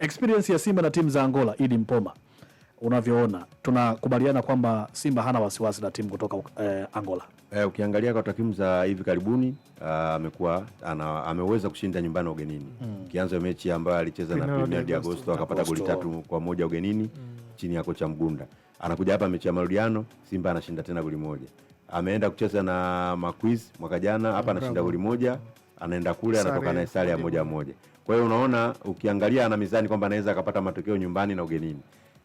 Experience ya Simba na timu za Angola, Idi Mpoma, unavyoona tunakubaliana kwamba Simba hana wasiwasi na timu kutoka eh, Angola. Eh, ukiangalia kwa takwimu za hivi karibuni ah, amekuwa uh, ameweza kushinda nyumbani ugenini mm. Kianza mechi ambayo alicheza na Premier de Agosto akapata goli tatu kwa moja ugenini mm. chini ya kocha Mgunda. Anakuja hapa mechi ya marudiano Simba anashinda tena goli moja. Ameenda kucheza na Maquis mwaka jana hapa anashinda goli moja anaenda kule anatoka na sare ya moja moja. Kwa hiyo unaona, ukiangalia ana mizani kwamba anaweza akapata matokeo nyumbani na ugenini,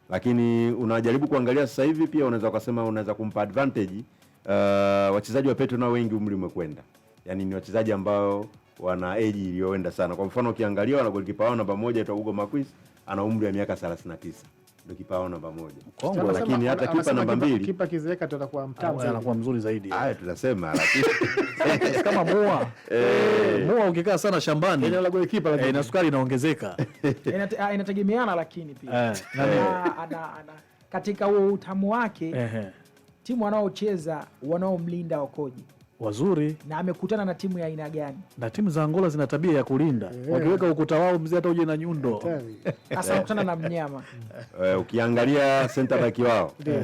lakini unajaribu kuangalia sasa hivi pia unaweza ukasema unaweza kumpa advantage uh, wachezaji wa Petro na wengi umri umekwenda, yaani ni wachezaji ambao wana age iliyoenda sana. Kwa mfano ukiangalia wana goalkeeper wao namba moja aitwa Hugo Maquis ana umri wa miaka 39 ndio kipa wao namba moja mkongwe, lakini hata kipa namba mbili, kipa kizeeka tutakuwa mtamu, anakuwa mzuri zaidi. Haya tutasema, lakini kama mua eh. mua ukikaa sana shambani, ina la kipa, lakini eh, na sukari inaongezeka, ah, inategemeana, lakini pia eh, katika huo utamu wake timu wanaocheza wanaomlinda wakoje wazuri na amekutana na timu ya aina gani, na timu za Angola zina tabia ya kulinda yeah. Wakiweka ukuta wao mzee, hata uje na nyundo hasa kutana na mnyama uh, ukiangalia center back wao yeah.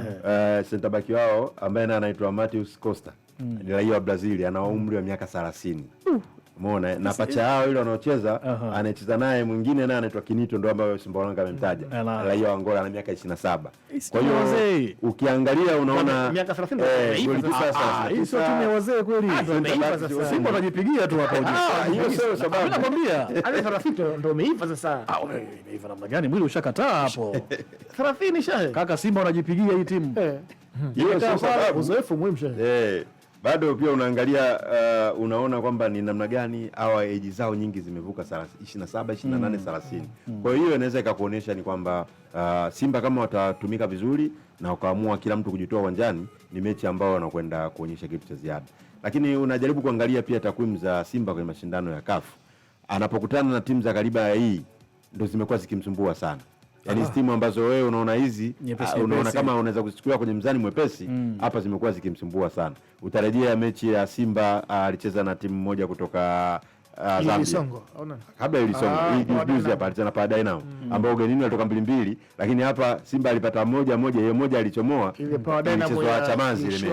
uh, center back wao ambaye anaitwa Matheus Costa mm. ni raia wa Brazil, ana umri wa miaka 30. Umeona eh? na pacha yao eh, yule wanaocheza uh -huh. anacheza naye mwingine naye anaitwa Kinito ndio ambaye Simba Simbaolanga amemtaja raia wa Angola ana miaka 27. Kwa hiyo ukiangalia unaona miaka 30 eh, hii ah, sio timu ya wazee kweli. Ah, Simba anajipigia tu hapo uje. Ah, hiyo sio sababu. Nakwambia ale 30 ndio umeiva sasa. Ah, umeiva namna gani? Mwili ushakataa hapo. 30 shahe. Kaka Simba anajipigia hii timu. Eh. Hiyo sio sababu. Uzoefu muhimu shahe. Eh bado pia unaangalia uh, unaona kwamba ni namna gani hawa eji zao nyingi zimevuka 27, 28, 30. Kwa hiyo inaweza ikakuonyesha ni kwamba uh, Simba kama watatumika vizuri na wakaamua kila mtu kujitoa uwanjani, ni mechi ambayo wanakwenda kuonyesha kitu cha ziada, lakini unajaribu kuangalia pia takwimu za Simba kwenye mashindano ya kafu anapokutana na timu za kariba ya hii ndo zimekuwa zikimsumbua sana yani ah. timu ambazo wewe unaona hizi ah, unaona kama unaweza kuzichukua kwenye mzani mwepesi mm. hapa mm. Zimekuwa zikimsumbua sana. Utarejea mechi ya Simba ah, alicheza na timu moja kutoka uh, Zambia kabla ilisongo hapa alicheza na Dynamo Mm. ambao ugenini walitoka mbili mbili, lakini hapa Simba alipata moja moja, hiyo moja alichomoa mchezo wa Chamazi ile mechi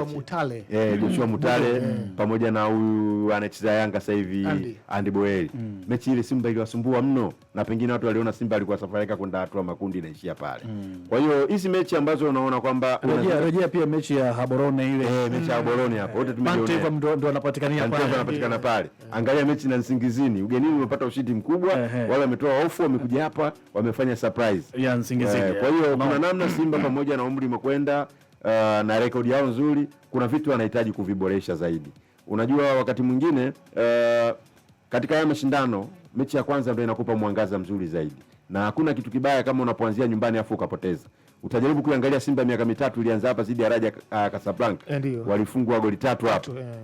eh, Joshua mm. Mutale mm. pamoja na huyu anacheza Yanga sasa hivi Andy Boeli. mm. Mechi ile Simba iliwasumbua mno, na pengine watu waliona Simba alikuwa safarika kwenda hatua makundi inaishia pale. mm. Kwa hiyo hizi mechi ambazo unaona kwamba rejea pia mechi ya Haborone ile eh, mechi ya Haborone hapo wote tumejiona ndio anapatikania pale, anapatikana pale. Angalia mechi na Nsingizini, ugenini umepata ushindi mkubwa, wale wametoa hofu, wamekuja hapa wamefanya surprise ya Nsingizini. Eh, kwa hiyo kuna namna Simba pamoja na umri umekwenda uh, na rekodi yao nzuri, kuna vitu wanahitaji kuviboresha zaidi. Unajua wakati mwingine uh, katika haya mashindano mechi ya kwanza ndio inakupa mwangaza mzuri zaidi, na hakuna kitu kibaya kama unapoanzia nyumbani afu ukapoteza. Utajaribu kuangalia Simba miaka mitatu ilianza hapa dhidi ya Raja uh, Casablanca, walifungwa goli tatu hapo yeah.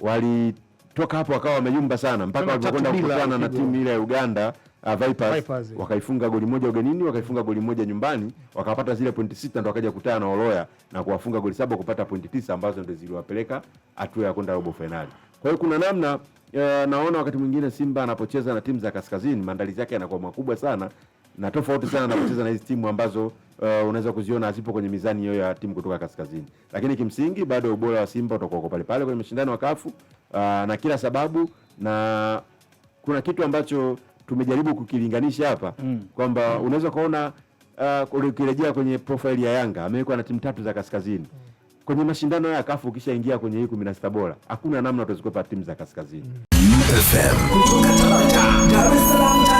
Walitoka hapo wakawa wameyumba sana mpaka walipokwenda kukutana na timu ile ya Uganda uh, Vipers, Vipers yeah. Wakaifunga goli moja ugenini, wakaifunga goli moja nyumbani, wakapata zile pointi sita, ndo wakaja kutana na Oloya na kuwafunga goli saba kupata pointi tisa ambazo ndo ziliwapeleka hatua ya kwenda robo fainali. Kwa hiyo kuna namna uh, naona wakati mwingine Simba anapocheza na timu za kaskazini maandalizi yake yanakuwa makubwa sana na tofauti sana anapocheza na hizi timu ambazo Uh, unaweza kuziona hazipo kwenye mizani hiyo ya timu kutoka kaskazini, lakini kimsingi bado ubora wa Simba utakuwa uko pale pale kwenye mashindano ya kafu uh, na kila sababu, na kuna kitu ambacho tumejaribu kukilinganisha hapa mm. kwamba mm. unaweza uh, ukirejea kwenye profile ya Yanga amewekwa na timu tatu za kaskazini mm. kwenye mashindano ya kafu, ukishaingia kwenye hii kumi na bora hakuna namna utazikwepa timu za kaskazini mm.